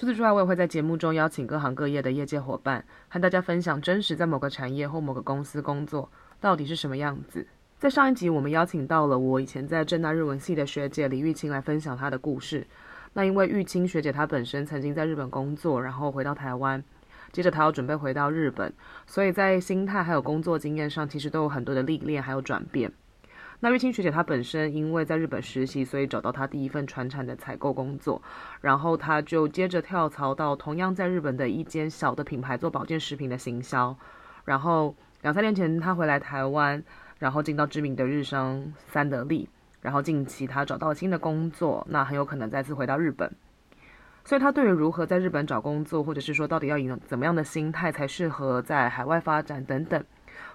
除此之外，我也會在節目中邀請各行各業的業界夥伴，和大家分享真實在某個產業或某個公司工作到底是什麼樣子。在上一集，我們邀請到了我以前在正大日文系的學姐李育青來分享她的故事。那因為育青學姐她本身曾經在日本工作，然後回到台灣，接着她要準備回到日本，所以在心態還有工作經驗上，其實都有很多的歷練還有轉變。那育青學姐她本身因為在日本實習，所以找到她第一份傳產的採購工作，然後她就接着跳槽到同樣在日本的一間小的品牌做保健食品的行銷，然後兩三年前她回來台灣，然後進到知名的日商三得利，然後近期她找到新的工作，那很有可能再次回到日本，所以她對於如何在日本找工作，或者是說到底要以怎麼樣的心態才適合在海外發展等等。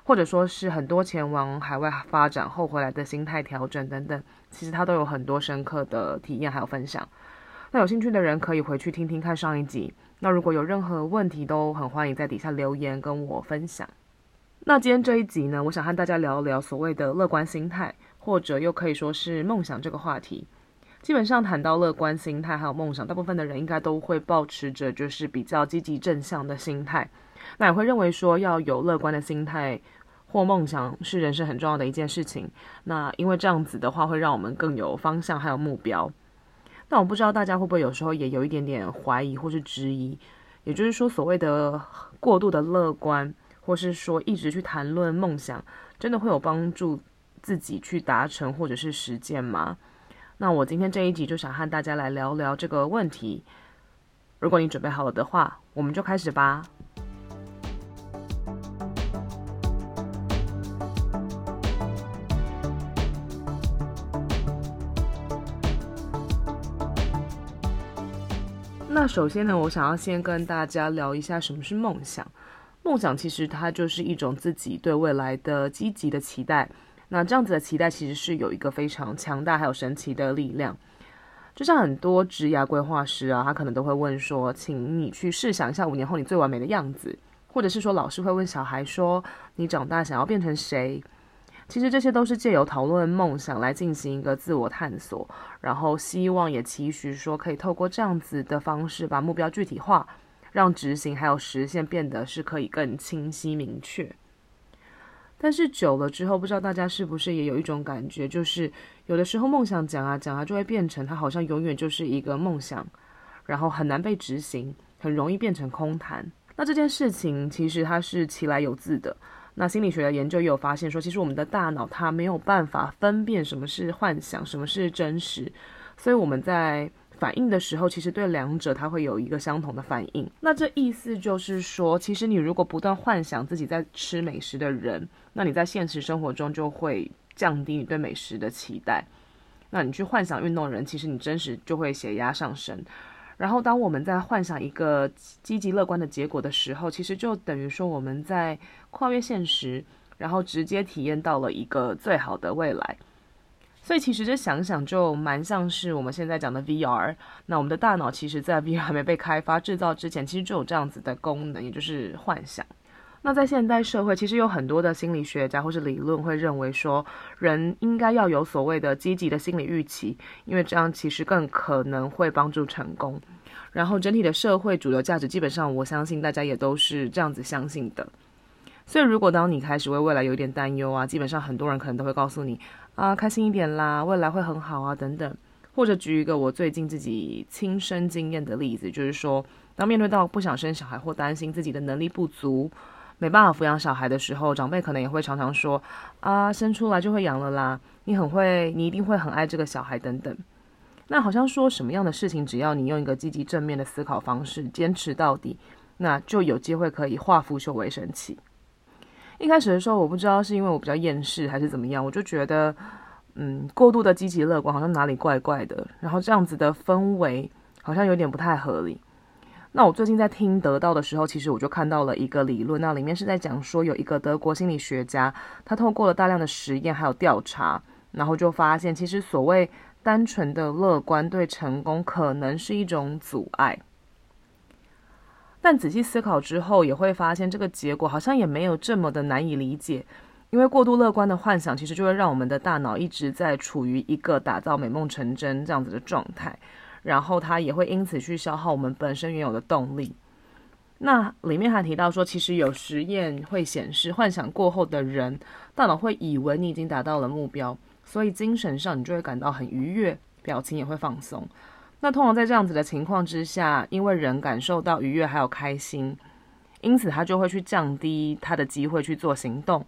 或者說是很多前往海外發展後回來的心態調整等等，其實他都有很多深刻的體驗還有分享。那有興趣的人可以回去聽聽看上一集。那如果有任何問題，都很歡迎在底下留言跟我分享。那今天這一集呢，我想和大家聊一聊所謂的樂觀心態，或者又可以說是夢想這個話題。基本上談到樂觀心態還有夢想，大部分的人應該都會保持着就是比較積極正向的心態。那也會認為說要有樂觀的心態或夢想是人生很重要的一件事情。那因為這樣子的話，會讓我們更有方向還有目標。但我不知道大家會不會有時候也有一點點懷疑或是質疑，也就是說所謂的過度的樂觀，或是說一直去談論夢想，真的會有幫助自己去達成或者是實踐嗎？那我今天這一集就想和大家來聊聊這個問題。如果你準備好了的話，我們就開始吧。那首先呢，我想要先跟大家聊一下什麼是夢想。夢想其實它就是一種自己對未來的積極的期待。那這樣子的期待其實是有一個非常強大還有神奇的力量。就像很多職涯規劃師啊，他可能都會問說，請你去試想一下五年後你最完美的樣子，或者是說老師會問小孩說，你長大想要變成誰？其實這些都是借由討論夢想來進行一個自我探索，然後希望也期許說可以透過這樣子的方式把目標具體化，讓執行還有實現變得是可以更清晰明確。但是久了之後，不知道大家是不是也有一種感覺，就是有的時候夢想講啊講啊，就會變成它好像永遠就是一個夢想，然後很難被執行，很容易變成空談。那這件事情其實它是其來有自的。那心理學的研究也有發現，說其實我們的大腦它沒有辦法分辨什麼是幻想，什麼是真實，所以我們在反應的時候，其實對兩者它會有一個相同的反應。那這意思就是說，其實你如果不斷幻想自己在吃美食的人，那你在現實生活中就會降低你對美食的期待；那你去幻想運動的人，其實你真實就會血壓上升。然後當我們在幻想一個積極樂觀的結果的時候，其實就等於說我們在。跨越現實，然後直接體驗到了一個最好的未來，所以其實這想想就蠻像是我們現在講的 VR。那我們的大腦其實在 VR 還沒被開發製造之前，其實就有這樣子的功能，也就是幻想。那在現代社會，其實有很多的心理學家或是理論會認為說，人應該要有所謂的積極的心理預期，因為這樣其實更可能會幫助成功。然後整體的社會主流價值，基本上我相信大家也都是這樣子相信的。所以，如果當你開始為未來有點擔憂啊，基本上很多人可能都會告訴你啊，開心一點啦，未來會很好啊，等等。或者舉一個我最近自己親身經驗的例子，就是說，當面對到不想生小孩或擔心自己的能力不足，沒辦法撫養小孩的時候，長輩可能也會常常說啊，生出來就會養了啦，你很會，你一定會很愛這個小孩，等等。那好像說，什麼樣的事情，只要你用一個積極正面的思考方式堅持到底，那就有機會可以化腐朽為神奇。一開始的時候，我不知道是因為我比較厭世還是怎麼樣，我就覺得，嗯，過度的積極樂觀好像哪裡怪怪的，然後這樣子的氛圍好像有點不太合理。那我最近在聽得到的時候，其實我就看到了一個理論，那裡面是在講說有一個德國心理學家，他透過了大量的實驗還有調查，然後就發現，其實所謂單純的樂觀對成功可能是一種阻礙。但仔細思考之後，也會發現這個結果好像也沒有這麼的難以理解，因為過度樂觀的幻想，其實就會讓我們的大腦一直在處於一個打造美夢成真這樣子的狀態，然後它也會因此去消耗我們本身原有的動力。那裡面還提到說，其實有實驗會顯示，幻想過後的人大腦會以為你已經達到了目標，所以精神上你就會感到很愉悅，表情也會放鬆。那通常在這樣子的情況之下，因為人感受到愉悅還有開心，因此他就會去降低他的機會去做行動，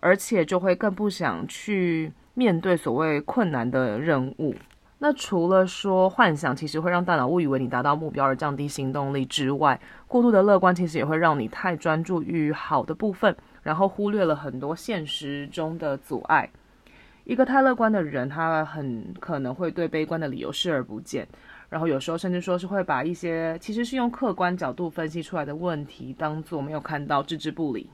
而且就會更不想去面對所謂困難的任務。那除了說幻想其實會讓大腦誤以為你達到目標而降低行動力之外，過度的樂觀其實也會讓你太專注於好的部分，然後忽略了很多現實中的阻礙。一個太樂觀的人，他很可能會對悲觀的理由視而不見，然後有時候甚至說是會把一些其實是用客觀角度分析出來的問題當做沒有看到，置之不理。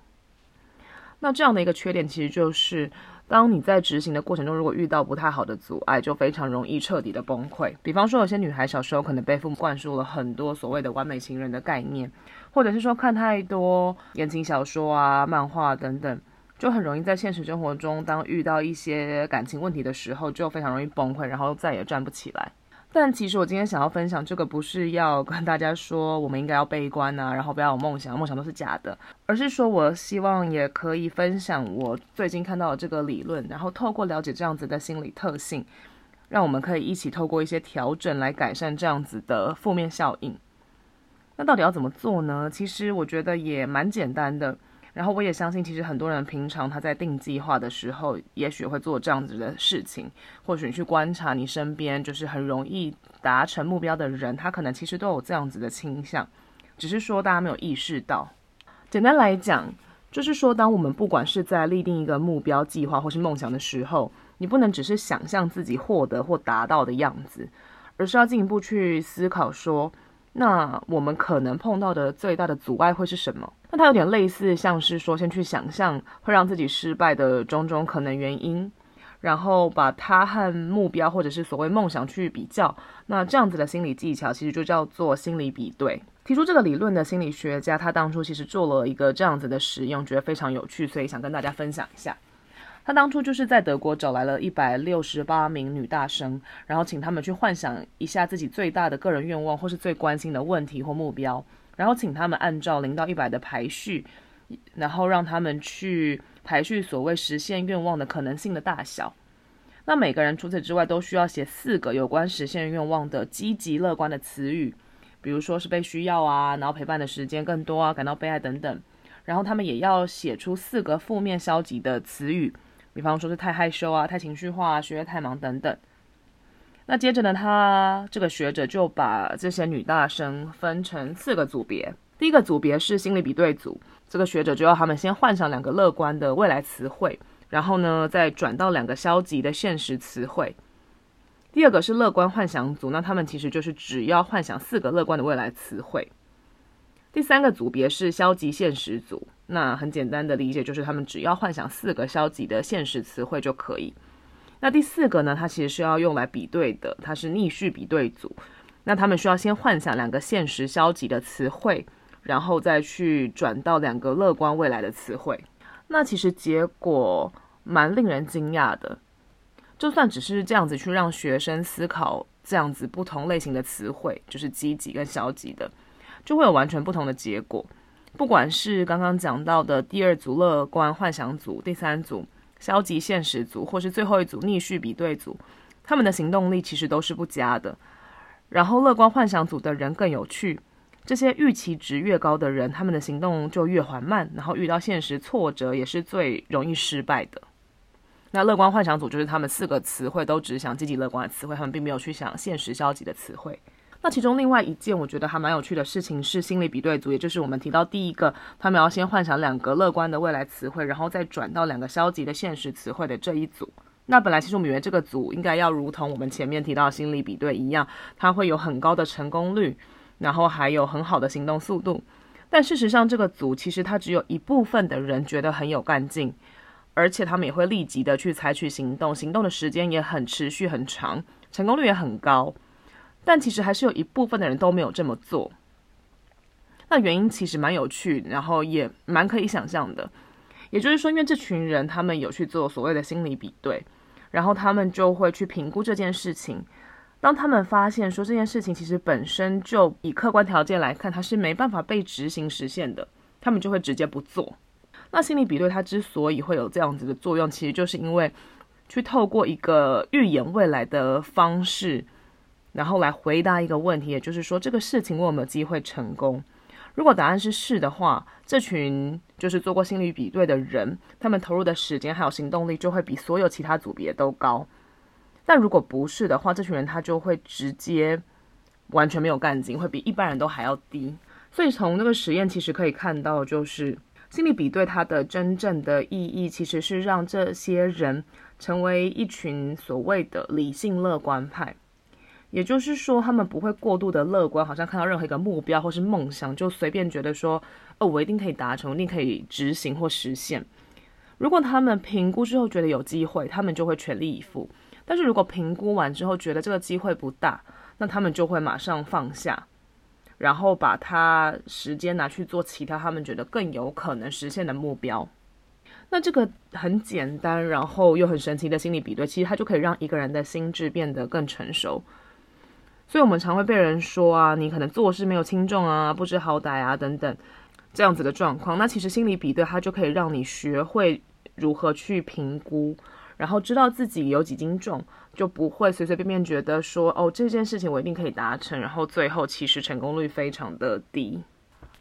那這樣的一個缺點，其實就是當你在執行的過程中，如果遇到不太好的阻礙，就非常容易徹底的崩潰。比方說，有些女孩小時候可能被父母灌輸了很多所謂的完美情人的概念，或者是說看太多言情小說啊、漫畫等等。就很容易在現實生活中，當遇到一些感情問題的時候，就非常容易崩潰，然後再也站不起來。但其實我今天想要分享這個，不是要跟大家說我們應該要悲觀啊，然後不要有夢想，夢想都是假的，而是說我希望也可以分享我最近看到的這個理論，然後透過了解這樣子的心理特性，讓我們可以一起透過一些調整來改善這樣子的負面效應。那到底要怎麼做呢？其實我覺得也蠻簡單的。然後我也相信，其實很多人平常他在定計劃的時候，也許會做這樣子的事情。或許你去觀察你身邊，就是很容易達成目標的人，他可能其實都有這樣子的傾向，只是說大家沒有意識到。簡單來講，就是說，當我們不管是在立定一個目標、計劃或是夢想的時候，你不能只是想象自己獲得或達到的樣子，而是要進一步去思考說，那我們可能碰到的最大的阻礙會是什麼？那它有點類似，像是說先去想象會讓自己失敗的種種可能原因，然後把它和目標或者是所謂夢想去比較。那這樣子的心理技巧其實就叫做心理比對。提出這個理論的心理學家，他當初其實做了一個這樣子的實驗，覺得非常有趣，所以想跟大家分享一下。他當初就是在德國找來了一百六十八名女大生，然後請他們去幻想一下自己最大的個人願望，或是最關心的問題或目標，然後請他們按照零到一百的排序，然後讓他們去排序所謂實現願望的可能性的大小。那每個人除此之外都需要寫四個有關實現願望的積極樂觀的詞語，比如說是被需要啊，然後陪伴的時間更多啊，感到被愛等等。然後他們也要寫出四個負面消極的詞語。比方說是太害羞啊，太情緒化啊，學業太忙等等。那接着呢，他這個學者就把這些女大生分成四個組別。第一個組別是心理比對組，這個學者就要他們先幻想兩個樂觀的未來詞彙，然後呢再轉到兩個消極的現實詞彙。第二個是樂觀幻想組，那他們其實就是只要幻想四個樂觀的未來詞彙。第三個組別是消極現實組，那很簡單的理解就是他們只要幻想四個消極的現實詞彙就可以。那第四個呢，它其實是要用來比對的，它是逆序比對組。那他們需要先幻想兩個現實消極的詞彙，然後再去轉到兩個樂觀未來的詞彙。那其實結果蠻令人驚訝的，就算只是這樣子去讓學生思考這樣子不同類型的詞彙，就是積極跟消極的。就會有完全不同的結果，不管是剛剛講到的第二組樂觀幻想組、第三組消極現實組，或是最後一組逆序比對組，他們的行動力其實都是不佳的。然後，樂觀幻想組的人更有趣，這些預期值越高的人，他們的行動就越緩慢，然後遇到現實挫折也是最容易失敗的。那樂觀幻想組就是他們四個詞彙都只想積極樂觀的詞彙，他們並沒有去想現實消極的詞彙。那其中另外一件我覺得還蠻有趣的事情是心理比對組，也就是我們提到第一個，他們要先幻想兩個樂觀的未來詞彙，然後再轉到兩個消極的現實詞彙的這一組。那本來其實我們以為這個組應該要如同我們前面提到的心理比對一樣，它會有很高的成功率，然後還有很好的行動速度。但事實上，這個組其實它只有一部分的人覺得很有幹勁，而且他們也會立即的去採取行動，行動的時間也很持續很長，成功率也很高。但其實還是有一部分的人都沒有這麼做。那原因其實蠻有趣，然後也蠻可以想象的。也就是說，因為這群人他們有去做所謂的心理比對，然後他們就會去評估這件事情。當他們發現說這件事情其實本身就以客觀條件來看，它是沒辦法被執行實現的，他們就會直接不做。那心理比對它之所以會有這樣子的作用，其實就是因為去透過一個預言未來的方式。然後來回答一個問題，也就是說這個事情有沒有機會成功？如果答案是是的話，這群就是做過心理比對的人，他們投入的時間還有行動力就會比所有其他組別都高。但如果不是的話，這群人他就會直接完全沒有幹勁，會比一般人都還要低。所以從那個實驗其實可以看到，就是心理比對它的真正的意義，其實是讓這些人成為一群所謂的理性樂觀派。也就是說，他們不會過度的樂觀，好像看到任何一個目標或是夢想，就隨便覺得說，哦，我一定可以達成，我一定可以執行或實現。如果他們評估之後覺得有機會，他們就會全力以赴；但是如果評估完之後覺得這個機會不大，那他們就會馬上放下，然後把他時間拿去做其他他們覺得更有可能實現的目標。那這個很簡單，然後又很神奇的心理比對，其實它就可以讓一個人的心智變得更成熟。所以我們常會被人說啊，你可能做事沒有輕重啊，不知好歹啊，等等這樣子的狀況。那其實心理比對它就可以讓你學會如何去評估，然後知道自己有幾斤重，就不會隨隨便便覺得說，哦，這件事情我一定可以達成，然後最後其實成功率非常的低。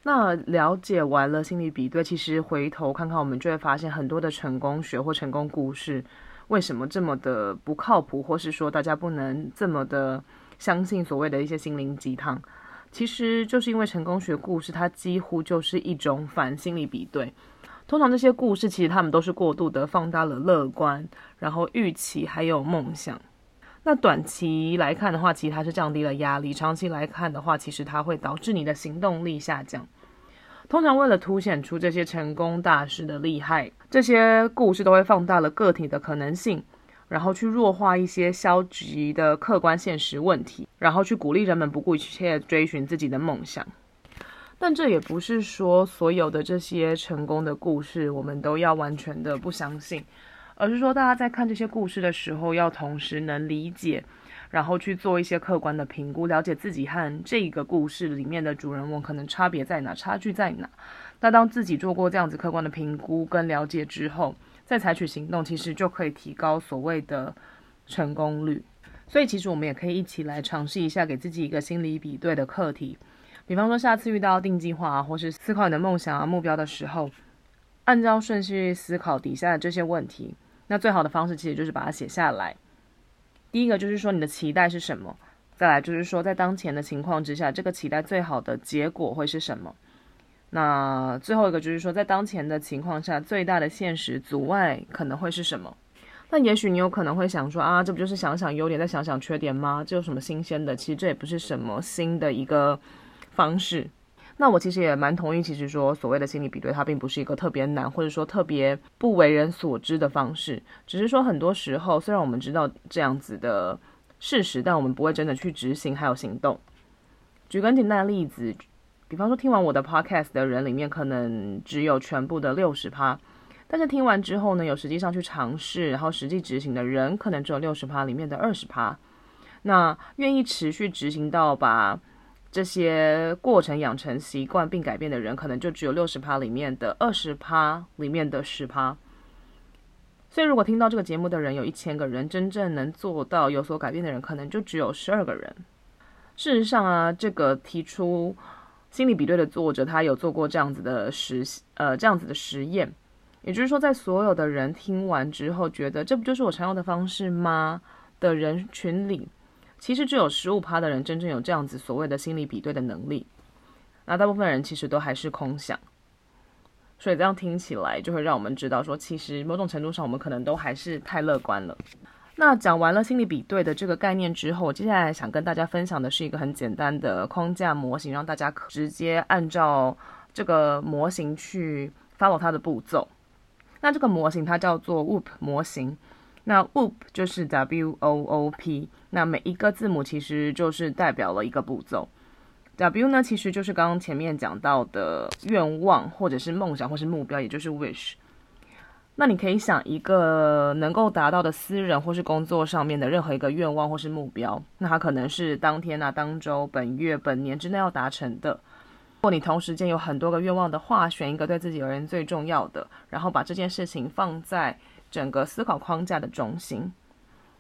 那了解完了心理比對，其實回頭看看我們就會發現很多的成功學或成功故事，為什麼這麼的不靠譜，或是說大家不能這麼的。相信所謂的一些心靈雞湯，其實就是因為成功學故事，它幾乎就是一種反心理比對。通常這些故事其實他們都是過度的放大了樂觀，然後預期還有夢想。那短期來看的話，其實它是降低了壓力；長期來看的話，其實它會導致你的行動力下降。通常為了凸顯出這些成功大師的厲害，這些故事都會放大了個體的可能性。然後去弱化一些消極的客觀現實問題，然後去鼓勵人們不顧一切追尋自己的夢想。但這也不是說所有的這些成功的故事我們都要完全的不相信，而是說大家在看這些故事的時候，要同時能理解，然後去做一些客觀的評估，了解自己和這個故事裡面的主人翁可能差別在哪，差距在哪。那當自己做過這樣子客觀的評估跟了解之後，再採取行動，其實就可以提高所謂的成功率。所以，其實我們也可以一起來嘗試一下，給自己一個心理比對的課題。比方說，下次遇到定計劃啊，或是思考你的夢想啊目標的時候，按照順序思考底下的這些問題。那最好的方式其實就是把它寫下來。第一個就是說你的期待是什麼？再來就是說，在當前的情況之下，這個期待最好的結果會是什麼？那最後一個就是說，在當前的情況下，最大的現實阻礙可能會是什麼？那也許你有可能會想說啊，這不就是想想優點，再想想缺點嗎？這有什麼新鮮的？其實這也不是什麼新的一個方式。那我其實也蠻同意，其實說所謂的心理比對，它並不是一個特別難，或者說特別不為人所知的方式。只是說很多時候，雖然我們知道這樣子的事實，但我們不會真的去執行還有行動。舉個簡單的例子。比方說，聽完我的 Podcast 的人裡面，可能只有全部的六十趴；但是聽完之後呢，有實際上去嘗試，然後實際執行的人，可能只有六十趴裡面的二十趴。那願意持續執行到把這些過程養成習慣並改變的人，可能就只有六十趴裡面的二十趴裡面的十趴。所以，如果聽到這個節目的人有一千個人，真正能做到有所改變的人，可能就只有十二個人。事實上啊，這個提出心理比對的作者，他有做過這樣子的實，呃，這樣子的實驗，也就是說，在所有的人聽完之後，覺得這不就是我常用的方式嗎？的人群裡，其實只有十五趴的人真正有這樣子所謂的心理比對的能力，那大部分的人其實都還是空想，所以這樣聽起來就會讓我們知道，說其實某種程度上，我們可能都還是太樂觀了。那講完了心理比對的這個概念之後，接下來想跟大家分享的是一個很簡單的框架模型，讓大家可直接按照這個模型去 follow 它的步驟。那這個模型它叫做 WOOP 模型，那 WOOP 就是 W O O P，那每一個字母其實就是代表了一個步驟。W 呢，其實就是剛剛前面講到的願望或者是夢想或是目標，也就是 wish。那你可以想一個能夠達到的私人或是工作上面的任何一個願望或是目標，那它可能是當天啊、當週、本月、本年之內要達成的。如果你同時間有很多個願望的話，選一個對自己而言最重要的，然後把這件事情放在整個思考框架的中心。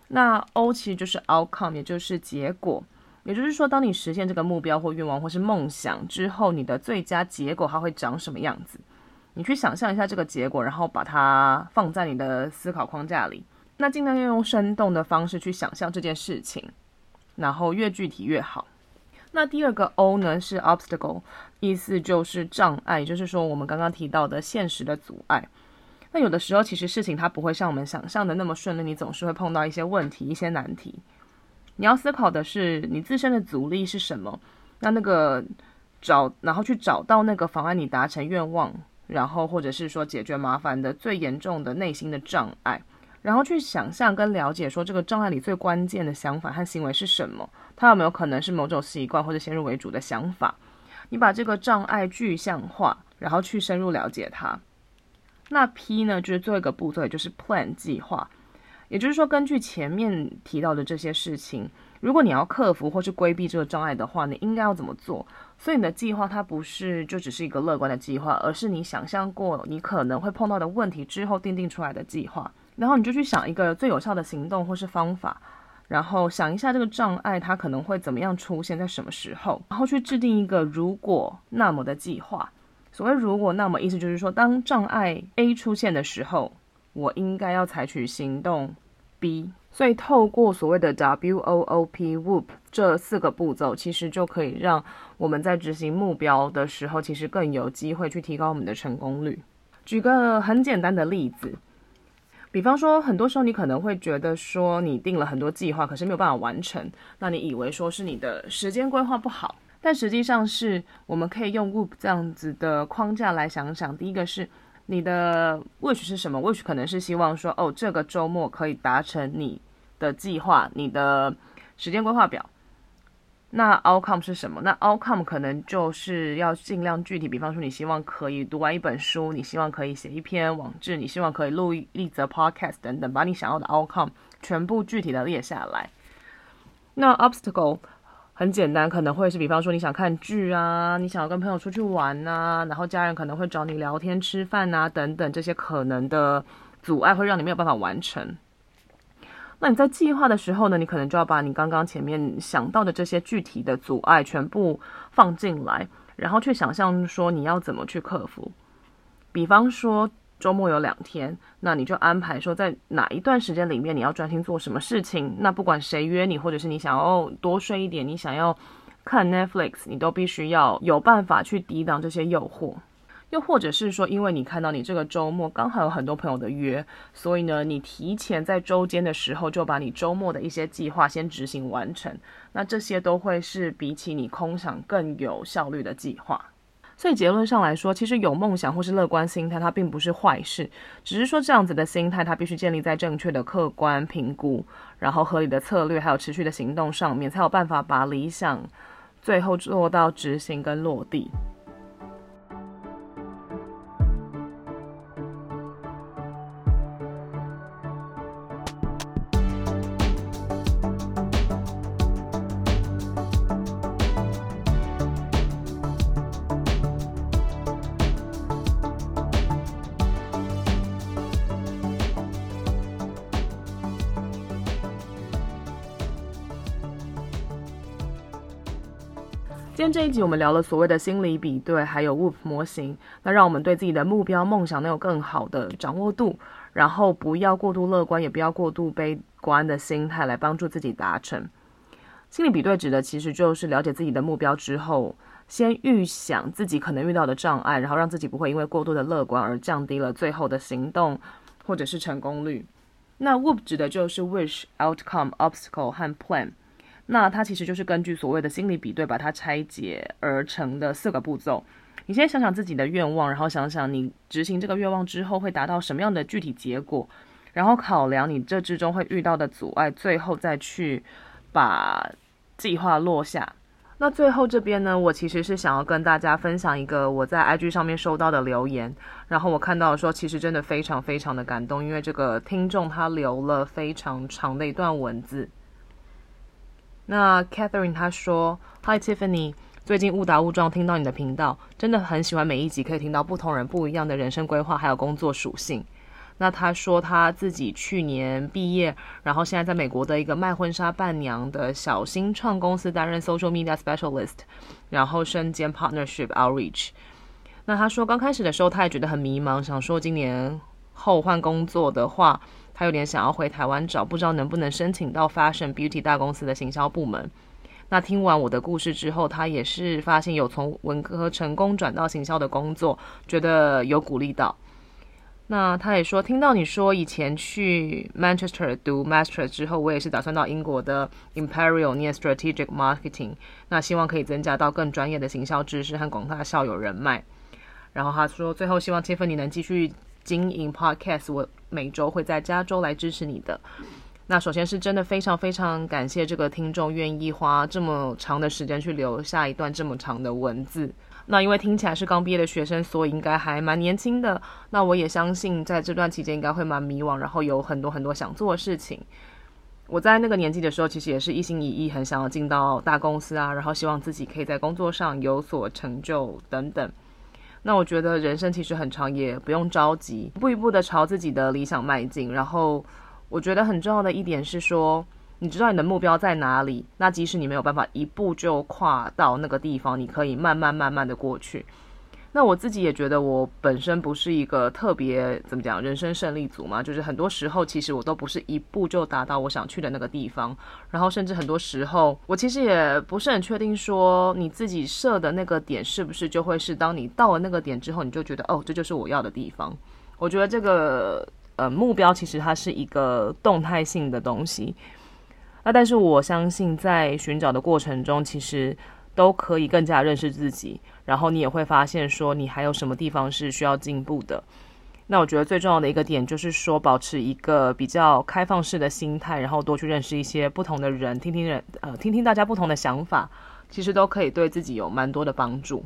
那 O 其實就是 outcome，也就是結果，也就是說，當你實現這個目標或願望或是夢想之後，你的最佳結果它會長什麼樣子？你去想象一下這個結果，然後把它放在你的思考框架裡。那盡量要用生動的方式去想象這件事情，然後越具體越好。那第二個 O 呢是 Obstacle，意思就是障礙，也就是說我們剛剛提到的現實的阻礙。那有的時候其實事情它不會像我們想象的那麼順利，你總是會碰到一些問題、一些難題。你要思考的是你自身的阻力是什麼？那那個找，然後去找到那個妨礙你達成願望。然後，或者是說解決麻煩的最嚴重的內心的障礙，然後去想象跟了解說這個障礙裡最關鍵的想法和行為是什麼，它有沒有可能是某種習慣或者先入為主的想法？你把這個障礙具象化，然後去深入了解它。那 P 呢，就是做一個步驟，也就是 Plan 計劃，也就是說根據前面提到的這些事情。如果你要克服或是規避這個障礙的話，你應該要怎麼做？所以你的計劃它不是就只是一個樂觀的計劃，而是你想象過你可能會碰到的問題之後訂定出來的計劃。然後你就去想一個最有效的行動或是方法，然後想一下這個障礙它可能會怎麼樣出現在什麼時候，然後去制定一個如果那麼的計劃。所謂如果那麼，意思就是說，當障礙 A 出現的時候，我應該要採取行動 B。所以，透過所謂的 W O O P WOOP 這四個步驟，其實就可以讓我們在執行目標的時候，其實更有機會去提高我們的成功率。舉個很簡單的例子，比方說，很多時候你可能會覺得說，你定了很多計劃，可是沒有辦法完成。那你以為說是你的時間規劃不好，但實際上是我們可以用 WOOP 這樣子的框架來想想。第一個是你的 wish 是什麼？wish 可能是希望說，哦，這個週末可以達成你的計劃、你的時間規劃表。那 outcome 是什麼？那 outcome 可能就是要盡量具體，比方說，你希望可以讀完一本書，你希望可以寫一篇網誌，你希望可以錄一則 podcast 等等，把你想要的 outcome 全部具體的列下來。那 obstacle。很簡單，可能會是比方說你想看劇啊，你想要跟朋友出去玩吶、啊，然後家人可能會找你聊天吃飯吶、啊，等等這些可能的阻礙會讓你沒有辦法完成。那你在計劃的時候呢，你可能就要把你剛剛前面想到的這些具體的阻礙全部放進來，然後去想象說你要怎麼去克服，比方說。週末有兩天，那你就安排說在哪一段時間裡面你要專心做什麼事情。那不管誰約你，或者是你想要多睡一點，你想要看 Netflix，你都必須要有辦法去抵擋這些誘惑。又或者是說，因為你看到你這個週末剛好有很多朋友的約，所以呢，你提前在週間的時候就把你週末的一些計劃先執行完成。那這些都會是比起你空想更有效率的計劃。所以結論上來說，其實有夢想或是樂觀心態，它並不是壞事，只是說這樣子的心態，它必須建立在正確的客觀評估，然後合理的策略，還有持續的行動上面，才有辦法把理想最後做到執行跟落地。今天這一集我們聊了所謂的心理比對，還有 WOOP 模型。那讓我們對自己的目標、夢想能有更好的掌握度，然後不要過度樂觀，也不要過度悲觀的心態來幫助自己達成。心理比對指的其實就是了解自己的目標之後，先預想自己可能遇到的障礙，然後讓自己不會因為過度的樂觀而降低了最後的行動或者是成功率。那 WOOP 指的就是 Wish, Outcome, Obstacle, 和 Plan。那它其實就是根據所謂的心理比對把它拆解而成的四個步驟。你先想想自己的願望，然後想想你執行這個願望之後會達到什麼樣的具體結果，然後考量你這之中會遇到的阻礙，最後再去把計劃落下。那最後這邊呢，我其實是想要跟大家分享一個我在 IG 上面收到的留言，然後我看到說，其實真的非常非常的感動，因為這個聽眾他留了非常長的一段文字。那 Catherine 她說：“Hi Tiffany，最近誤打誤撞聽到你的頻道，真的很喜歡每一集，可以聽到不同人不一樣的人生規劃還有工作屬性。那她說她自己去年畢業，然後現在在美國的一個賣婚紗伴娘的小新創公司擔任 Social Media Specialist，然後身兼 Partnership Outreach。那她說剛開始的時候，她也覺得很迷茫，想說今年後換工作的話。”還有點想要回台灣找，不知道能不能申請到 Fashion Beauty 大公司的行銷部門。那聽完我的故事之後，他也是發現有從文科成功轉到行銷的工作，覺得有鼓勵到。那他也說，聽到你說以前去 Manchester 讀 Master Ma 之後，我也是打算到英國的 Imperial 念 Strategic Marketing，那希望可以增加到更專業的行銷知識和廣大校友人脈。然後他說，最後希望 Tiffany 你能繼續，經營 Podcast，我每週會在加州來支持你的。那首先是真的非常非常感謝這個聽眾願意花這麼長的時間去留下一段這麼長的文字。那因為聽起來是剛畢業的學生，所以應該還蠻年輕的。那我也相信在這段期間應該會蠻迷惘，然後有很多很多想做的事情。我在那個年紀的時候，其實也是一心一意，很想要進到大公司啊，然後希望自己可以在工作上有所成就等等。那我覺得人生其實很長，也不用着急，一步一步的朝自己的理想邁進。然後，我覺得很重要的一點是說，你知道你的目標在哪裡，那即使你沒有辦法一步就跨到那個地方，你可以慢慢慢慢的過去。那我自己也覺得，我本身不是一個特別怎麼講人生勝利組嘛，就是很多時候其實我都不是一步就達到我想去的那個地方，然後甚至很多時候我其實也不是很確定說你自己設的那個點是不是就會是當你到了那個點之後你就覺得哦，這就是我要的地方。我覺得這個呃，目標其實它是一個動態性的東西，那、啊、但是我相信在尋找的過程中，其實都可以更加認識自己。然後你也會發現，說你還有什麼地方是需要進步的。那我覺得最重要的一個點就是說，保持一個比較開放式的心態，然後多去認識一些不同的人，聽聽人呃，聽聽大家不同的想法，其實都可以對自己有蠻多的幫助。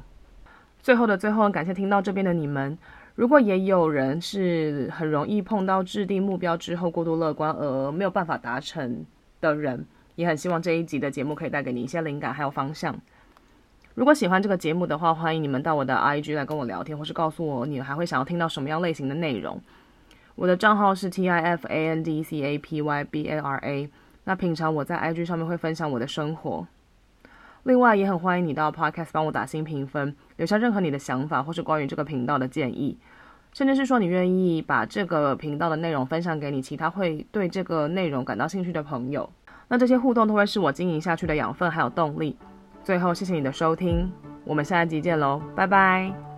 最後的最後，感謝聽到這邊的你們。如果也有人是很容易碰到制定目標之後過度樂觀而沒有辦法達成的人，也很希望這一集的節目可以帶給你一些靈感還有方向。如果喜歡這個節目的話，歡迎你們到我的 IG 來跟我聊天，或是告訴我你還會想要聽到什麼樣類型的內容。我的賬號是 T I F A N D C A P Y B A R A。那平常我在 IG 上面會分享我的生活。另外也很歡迎你到 Podcast 幫我打新評分，留下任何你的想法或是關於這個頻道的建議，甚至是說你願意把這個頻道的內容分享給你其他會對這個內容感到興趣的朋友。那這些互動都會是我經營下去的養分還有動力。最後，謝謝你的收聽，我們下一集見嘍，拜拜。